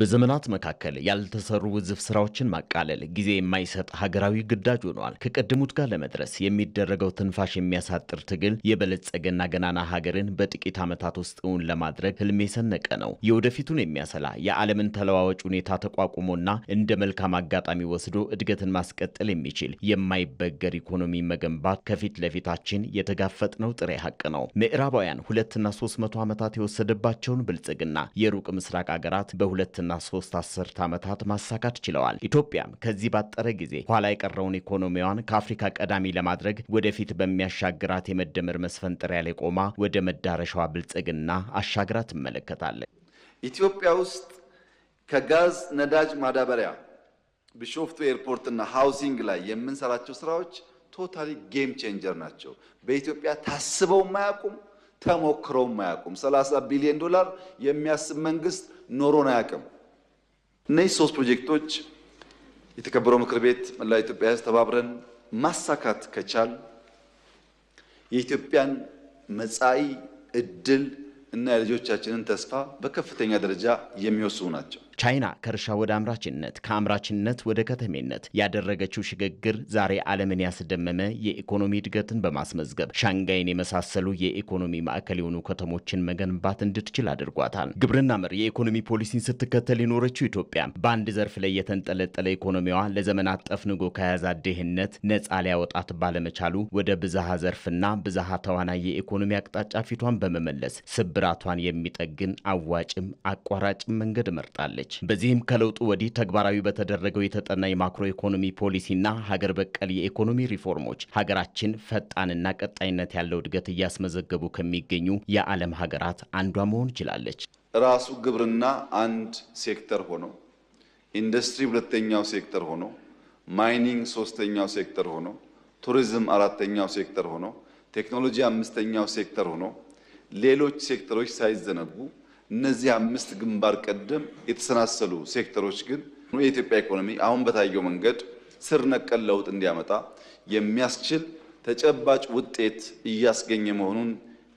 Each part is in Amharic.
በዘመናት መካከል ያልተሰሩ ውዝፍ ስራዎችን ማቃለል ጊዜ የማይሰጥ ሀገራዊ ግዳጅ ሆኗል። ከቀደሙት ጋር ለመድረስ የሚደረገው ትንፋሽ የሚያሳጥር ትግል የበለጸገና ገናና ሀገርን በጥቂት ዓመታት ውስጥ እውን ለማድረግ ህልም የሰነቀ ነው። የወደፊቱን የሚያሰላ የዓለምን ተለዋዋጭ ሁኔታ ተቋቁሞና እንደ መልካም አጋጣሚ ወስዶ እድገትን ማስቀጠል የሚችል የማይበገር ኢኮኖሚ መገንባት ከፊት ለፊታችን የተጋፈጥነው ጥሬ ሀቅ ነው። ምዕራባውያን ሁለትና ሶስት መቶ ዓመታት የወሰደባቸውን ብልጽግና የሩቅ ምስራቅ ሀገራት በሁለት ሁለትና ሶስት አስርት ዓመታት ማሳካት ችለዋል። ኢትዮጵያም ከዚህ ባጠረ ጊዜ ኋላ የቀረውን ኢኮኖሚዋን ከአፍሪካ ቀዳሚ ለማድረግ ወደፊት በሚያሻግራት የመደመር መስፈንጠሪያ ላይ ቆማ ወደ መዳረሻዋ ብልጽግና አሻግራ ትመለከታለች። ኢትዮጵያ ውስጥ ከጋዝ፣ ነዳጅ፣ ማዳበሪያ ቢሾፍቱ ኤርፖርትና ሃውሲንግ ላይ የምንሰራቸው ስራዎች ቶታሊ ጌም ቼንጀር ናቸው። በኢትዮጵያ ታስበውም አያውቁም፣ ተሞክረውም አያውቁም። 30 ቢሊዮን ዶላር የሚያስብ መንግስት ኖሮን አያውቅም። እነዚህ ሶስት ፕሮጀክቶች የተከበረው ምክር ቤት መላ ኢትዮጵያ ሕዝብ ተባብረን ማሳካት ከቻል የኢትዮጵያን መጻኢ እድል እና የልጆቻችንን ተስፋ በከፍተኛ ደረጃ የሚወስኑ ናቸው። ቻይና ከእርሻ ወደ አምራችነት ከአምራችነት ወደ ከተሜነት ያደረገችው ሽግግር ዛሬ ዓለምን ያስደመመ የኢኮኖሚ እድገትን በማስመዝገብ ሻንጋይን የመሳሰሉ የኢኮኖሚ ማዕከል የሆኑ ከተሞችን መገንባት እንድትችል አድርጓታል። ግብርና መር የኢኮኖሚ ፖሊሲን ስትከተል የኖረችው ኢትዮጵያ በአንድ ዘርፍ ላይ የተንጠለጠለ ኢኮኖሚዋ ለዘመናት ጠፍንጎ ከያዛት ድህነት ነፃ ሊያወጣት ባለመቻሉ ወደ ብዝሃ ዘርፍና ብዝሃ ተዋናይ የኢኮኖሚ አቅጣጫ ፊቷን በመመለስ ስብራቷን የሚጠግን አዋጭም አቋራጭም መንገድ መርጣለች። ትገኛለች። በዚህም ከለውጡ ወዲህ ተግባራዊ በተደረገው የተጠና የማክሮ ኢኮኖሚ ፖሊሲና ሀገር በቀል የኢኮኖሚ ሪፎርሞች ሀገራችን ፈጣንና ቀጣይነት ያለው እድገት እያስመዘገቡ ከሚገኙ የዓለም ሀገራት አንዷ መሆን ችላለች። ራሱ ግብርና አንድ ሴክተር ሆኖ፣ ኢንዱስትሪ ሁለተኛው ሴክተር ሆኖ፣ ማይኒንግ ሶስተኛው ሴክተር ሆኖ፣ ቱሪዝም አራተኛው ሴክተር ሆኖ፣ ቴክኖሎጂ አምስተኛው ሴክተር ሆኖ ሌሎች ሴክተሮች ሳይዘነጉ እነዚህ አምስት ግንባር ቀደም የተሰናሰሉ ሴክተሮች ግን የኢትዮጵያ ኢኮኖሚ አሁን በታየው መንገድ ስር ነቀል ለውጥ እንዲያመጣ የሚያስችል ተጨባጭ ውጤት እያስገኘ መሆኑን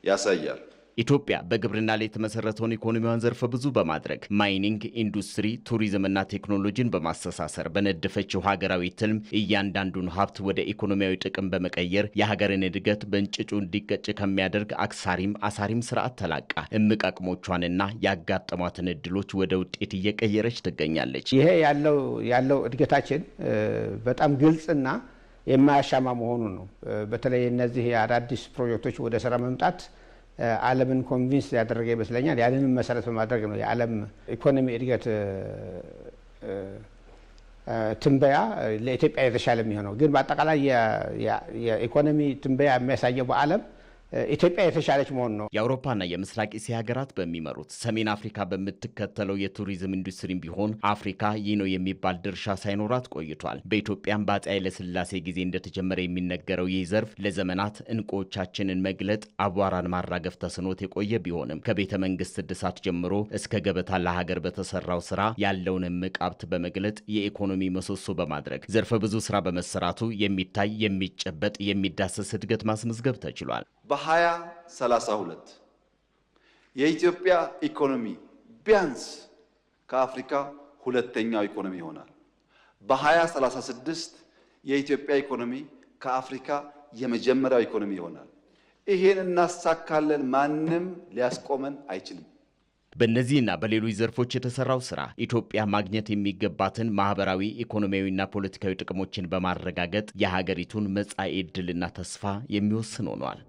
ያሳያል። ኢትዮጵያ በግብርና ላይ የተመሰረተውን ኢኮኖሚዋን ዘርፈ ብዙ በማድረግ ማይኒንግ፣ ኢንዱስትሪ፣ ቱሪዝምና ቴክኖሎጂን በማስተሳሰር በነደፈችው ሀገራዊ ትልም እያንዳንዱን ሀብት ወደ ኢኮኖሚያዊ ጥቅም በመቀየር የሀገርን እድገት በእንጭጩ እንዲቀጭ ከሚያደርግ አክሳሪም አሳሪም ስርዓት ተላቃ እምቅ አቅሞቿንና ያጋጠሟትን እድሎች ወደ ውጤት እየቀየረች ትገኛለች። ይሄ ያለው ያለው እድገታችን በጣም ግልጽና የማያሻማ መሆኑ ነው። በተለይ እነዚህ የአዳዲስ ፕሮጀክቶች ወደ ስራ መምጣት ዓለምን ኮንቪንስ ያደረገ ይመስለኛል። ያንንም መሰረት በማድረግ ነው የዓለም ኢኮኖሚ እድገት ትንበያ ለኢትዮጵያ የተሻለ የሚሆነው። ግን በአጠቃላይ የኢኮኖሚ ትንበያ የሚያሳየው በዓለም ኢትዮጵያ የተሻለች መሆን ነው። የአውሮፓና የምስራቅ እስያ ሀገራት በሚመሩት ሰሜን አፍሪካ በምትከተለው የቱሪዝም ኢንዱስትሪም ቢሆን አፍሪካ ይህ ነው የሚባል ድርሻ ሳይኖራት ቆይቷል። በኢትዮጵያም በአፄ ኃይለሥላሴ ጊዜ እንደተጀመረ የሚነገረው ይህ ዘርፍ ለዘመናት እንቁዎቻችንን መግለጥ፣ አቧራን ማራገፍ ተስኖት የቆየ ቢሆንም ከቤተ መንግስት እድሳት ጀምሮ እስከ ገበታ ለሀገር በተሰራው ስራ ያለውን እምቅ ሀብት በመግለጥ የኢኮኖሚ ምሰሶ በማድረግ ዘርፈ ብዙ ስራ በመሰራቱ የሚታይ የሚጨበጥ የሚዳሰስ እድገት ማስመዝገብ ተችሏል። በ2032 የኢትዮጵያ ኢኮኖሚ ቢያንስ ከአፍሪካ ሁለተኛው ኢኮኖሚ ይሆናል። በ2036 የኢትዮጵያ ኢኮኖሚ ከአፍሪካ የመጀመሪያው ኢኮኖሚ ይሆናል። ይሄን እናሳካለን። ማንም ሊያስቆመን አይችልም። በእነዚህና በሌሎች ዘርፎች የተሰራው ስራ ኢትዮጵያ ማግኘት የሚገባትን ማህበራዊ፣ ኢኮኖሚያዊና ፖለቲካዊ ጥቅሞችን በማረጋገጥ የሀገሪቱን መጻኢ ዕድልና ተስፋ የሚወስን ሆኗል።